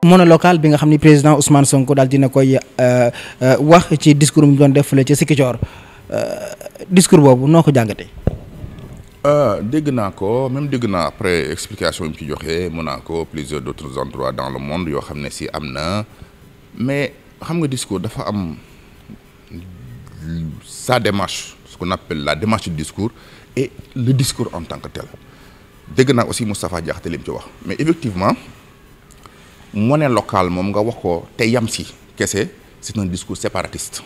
monolocal bi nga xam ni président Ousmane sonk daal dina koy euh, euh, wax ci discours mu doon def ci ca Sikicoor euh, discours boobu noo ko jàngate Euh, dégg naa ko même dégg naa après explication yi mu ci joxe Monaco plusieurs d' autres endroits dans le monde yoo xam ne si am na mais xam nga discours dafa am sa démarche ce qu'on appelle la démarche du discours et le discours en tant que tel dégg naa aussi Moustapha Diakhaté li ci wax mais effectivement monnaie local moom nga wax ko te yam si kese c' est un discours séparatiste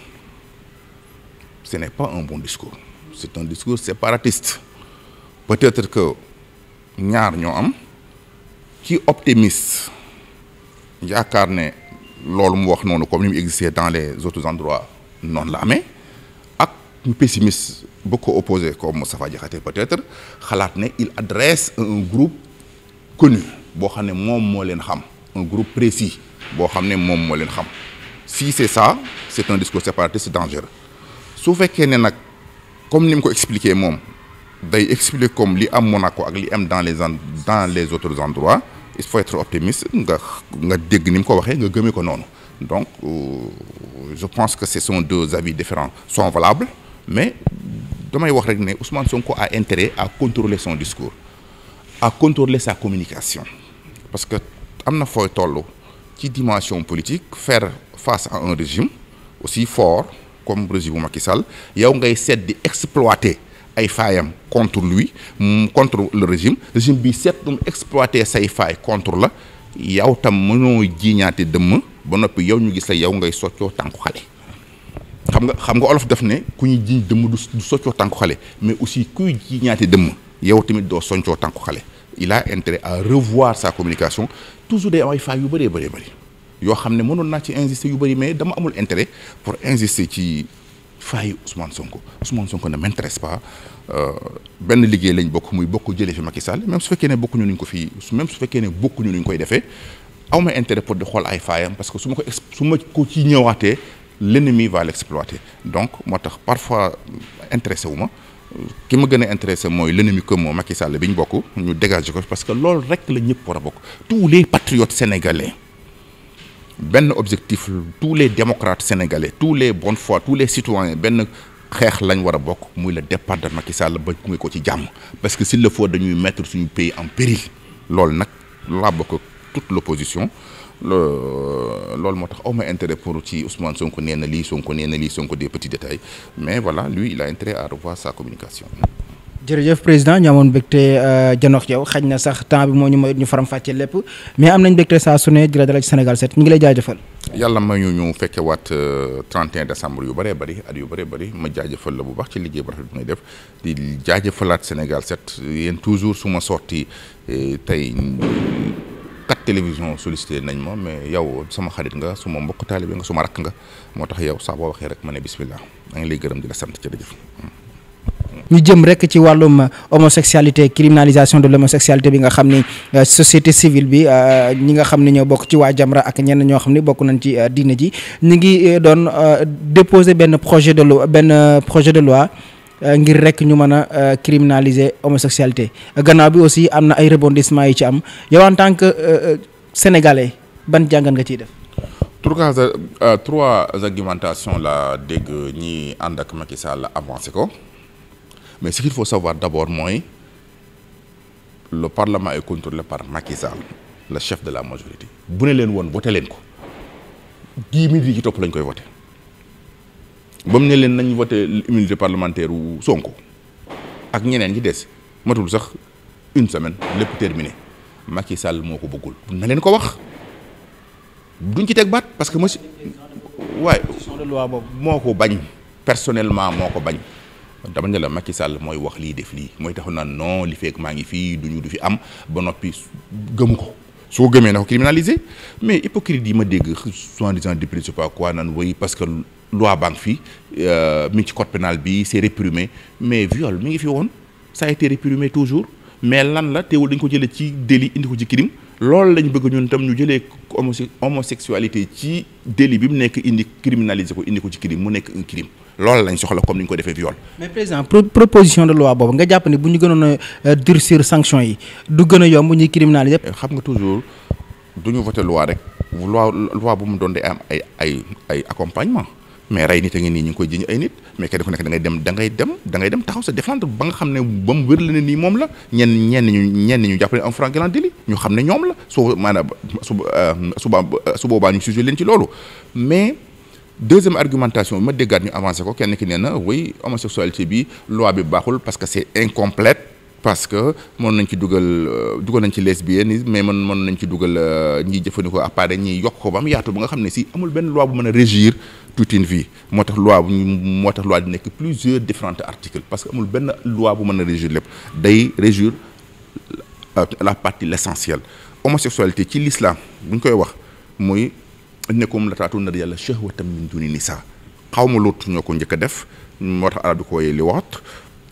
ce n' est pas un bon discours c' est un discours séparatiste peut-être que ñaar ñoo am ki optimiste yaakaar ne loolu mu wax noonu comme ni mu existé dans les autres endroits noonu la amee ak pessimiste bu ko opposé comme Moustapha Diakhaté peut-être xalaat ne il adresse un groupe connu boo xam ne moom moo leen xam un groupe précis boo xam ne moom moo leen xam si c'est ça c'est un discours séparatiste dangereux su fekkee ne nag comme ni mu ko expliqué moom day expliquer comme li am Monaco ak li am dans les dans les autres endroits il faut être optimiste nga nga dégg ni mu ko waxee nga gëmee ko noonu donc euh, je pense que ce sont deux avis différents sont valables mais damay wax rek ne Ousmane ko a intérêt à contrôler son discours à contrôler sa communication parce que am na fooy tollu ci dimension politique faire face à un régime aussi fort comme régime bu Macky Sall yow ngay seet di exploiter ay faayam contre lui mm, contre le régime régime bi seet doon exploité say faay contre la yow tam mënoo jiiñaate dëmm ba noppi yow ñu gis la yow ngay soccoo tànku xale xam nga xam nga olof daf ne ku ñuy jiiñ dëmm du soccoo tànku mais aussi kuy jiiñaate dëmm yow tamit doo soccoo tànku xale il a à revoir sa communication toujours day am ay faay yu bëree bëree bëri yoo xam ne mënoon naa ci insister yu bëri mais dama amul intérêt pour insister ci faayi Ousmane Sonko Ousmane Sonko ne m'intéresse pas euh, benn liggéey lañ bokk muy bokk jële fi Macky Sall même su fekkee ne bokkuñu nuñ ko fii même su fekkee ne bokkuñu nuñ koy defee aw ma intérêt pour di xool ay faayam parce que su ma ko su ma ko ci ñëwaatee l'ennemi va l'exploiter donc moo tax parfois intéressé wu ma ki ma gën a intéressé mooy l'ennemi comme Macky Sall bi ñu bokk ñu dégager ko parce que loolu rek la ñëpp war a bokk tous les patriotes sénégalais. benn objectif tous les démocrates sénégalais tous les bonnes foi tous les citoyens benn xeex lañ war a bokk muy le départ de Macky Sall ba gunge ko ci jàmm parce que s'il le fois dañuy mettre suñu pays en péril loolu nag laa bokk toute l'opposition loolu moo tax aw ma intérêt pour ci Ousmane Sonko nee na lii Sonko nee na lii Sonko des petits détails mais voilà lui il a intérêt à revoir sa communication jërëjëf président ñu amoon mbégte euh, janox yow xaj na sax temps moo ñu mayut ñu faram fàccee lépp mais am nañ mbégte saa su ne di la dalal ñu ngi lay jaajëfal. yàlla ma ñu ñu fekke waat 31 euh, décembre yu bëree bari at yu bëree bëri ma jaajëfal la bu baax ci liggéey bu rafet bi ngay def di jaajëfalaat Sénégal set yéen toujours su ma sorti euh, tey quatre télévision sollicité nañ ma mais yow sama xarit nga suma mbokk taalibe nga suma rakk nga moo tax yow saa boo waxee rek ma ne bismillah maa ngi lay gërëm di la sant jërëjëf. ñu jëm rek ci wàllum homosexualité criminalisation de l'homosexualité bi nga xam ni euh, société civile bi euh, ñi nga xam ne ñoo bokk ci waa Jamra ak ñenn ñoo xam ne bokk nañ ci euh, diine ji ñu ngi doon déposer benn projet de loi benn projet de loi ngir rek ñu mën a criminaliser homosexualité gannaaw bi aussi am na ay rebondissement yi ci am yow en tant que sénégalais ban jàngat nga ciy def. trois trois argumentations la dégg ñi ànd ak Macky Sall avancé ko. mais ce qu'il faut savoir d'abord mooy le parlement est contrôlé par Macky Sall le chef de la majorité bu ne leen woon voté leen ko dix minutes yi ci topp lañ koy voté ba mu ne leen nañ voté immunité parlementaire wu Sonko ak ñeneen ñi des matul sax une semaine lépp terminé Macky Sall moo ko bëggul na leen ko wax duñ ci teg baat parce que monsieur waaye. loi boobu moo ko bañ personnellement moo ko bañ. dama ne la Macky Sall mooy wax lii def lii mooy taxu naan non li fekk maa ngi fii du ñu du fi am ba noppi gëmu ko soo gëmee na ko criminaliser mais hypocrite yi ma dégg soi-disant député que loi banque fii euh, mi ngi ci code pénal bi c'est réprimé mais viol mi ngi fi woon ça a été réprimé toujours mais lan la teewul dañ ko jëlee ci délit indi ko ci crime loolu lañ bëgg ñun tam ñu jëlee homosexualité ci délit bi mu nekk indi criminaliser ko indi ko ci crime mu nekk un crime loolu lañ soxla comme ni ñu ko defee viol. mais président proposition de loi boobu nga jàpp ne bu ñu gënoon a euh, durcir sanction yi du gën a yomb ñuy criminaliser yëpp. Eh, xam nga toujours du ñu voté loi rek loi loi bu mu doon di am ay ay ay accompagnement. mais rey nit a ngi nii ñu ngi koy jiñ ay nit mais kenn ku nekk da ngay dem da ngay dem da ngay dem taxaw sa défendre ba nga xam ne ba mu wér la ne nii moom la ñenn ñenn ñu ñenn ñu jàpp ne en grand délit ñu xam ne ñoom la soo maanaam su euh, euh, su boobaa ñu sujet leen ci loolu mais. deuxième argumentation bi ma déggaat ñu avancé ko kenn ki neena na oui homosexualité bi loi bi baaxul parce que c'est incomplète parce que mën nañ ci dugal euh, dugal nañ ci lesbiennes mais man mën nañ ci dugal euh, ñiy jëfandikoo appareil ñiy yokk ko ba mu yaatu bu nga xam ne si amul benn loi bu mën a régir toute une vie moo tax loi bu moo tax loi di nekk plusieurs différents articles parce que amul benn loi bu mën a régir lépp day régir la partie l'essentiel homosexualité ci l'islam bu koy wax muy ne innakum na taatuna yàlla shahwatan min duni nisa xaw ma lut ñoo ko njëkk a def moo tax arab di ko wooyee li waat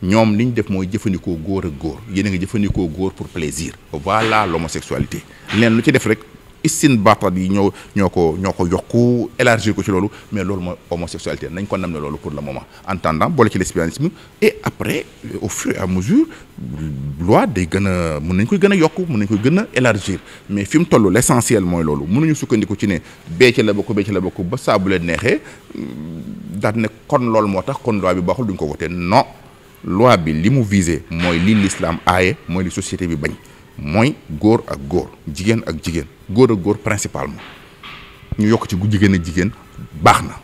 ñoom li ñu def mooy jëfandikoo góor ak góor yéen a ngi jëfandikoo góor pour plaisir. voilà l'homosexualité leen lu ci def rek. istinbaatat yi ñoo ñoo ko ñoo ko yokku élargir ko ci loolu mais loolu mooy homosexualité nañ ko nam ne loolu pour le moment en attendant boole ci lesbianisme et après au loi day gën a mun nañ koy gën a yokk mun nañ koy gën a élargir mais fi mu toll l'essentiel mooy loolu mënuñu sukkandiku ci ne bee ci la bokk bee bokk ba saa bu leen neexee daal kon loolu moo tax kon loi bi baaxul duñ ko voté non loi bi li mu visé mooy li l'islam aaye mooy li société bi bañ mooy góor ak góor jigéen ak jigéen góor ak góor principalement ñu yokk ci gu jigéen ak jigéen baax na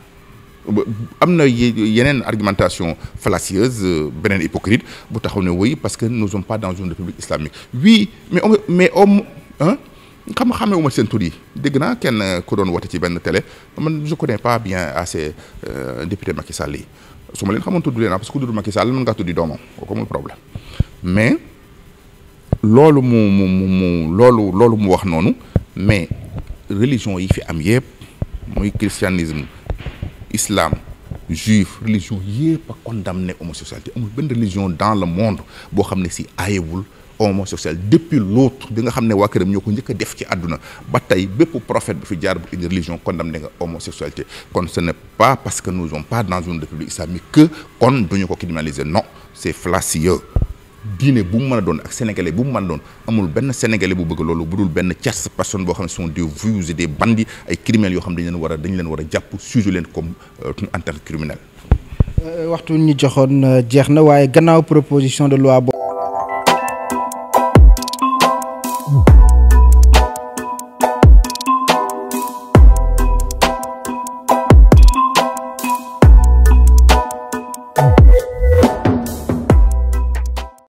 am na yeneen argumentation fallacieuse euh, beneen hypocrite bu taxaw ne woy parce que nous sommes pas dans une république islamique oui mais mais homme hein xam xamee wu ma seen tur yi dégg naa kenn ku doon woote ci benn télé man je connais pas bien assez euh, député Macky Sall yi su ma leen xamoon tudd leen ah parce que ku tudd Macky Sall mën ngaa tuddi doomam kooku amul problème mais. loolu mu mu mu loolu loolu mu wax noonu mais religion yi fi am yëpp muy christianisme islam juif religion yëpp a condamné homosexualité amul benn religion dans le monde boo xam ne si aayewul homosexuel depuis l'autre bi nga xam ne waa këram ñoo ko njëkk def ci àdduna ba tey bépp prophète bi fi jaar bu une religion condamné nga homosexualité kon ce n'est pas parce que nous on pas dans une république islamique que kon duñu ko criminaliser non c'est diine bu mu mën doon ak sénégalais bu mu mën doon amul benn sénégalais bu bëgg loolu bu dul benn tierce personne boo xam ne sont des voyous et ay criminels yoo xam dañ leen war a leen war jàpp sujet leen comme euh, en tant euh, waxtu ñu joxoon euh, jeex na waaye gannaaw proposition de loi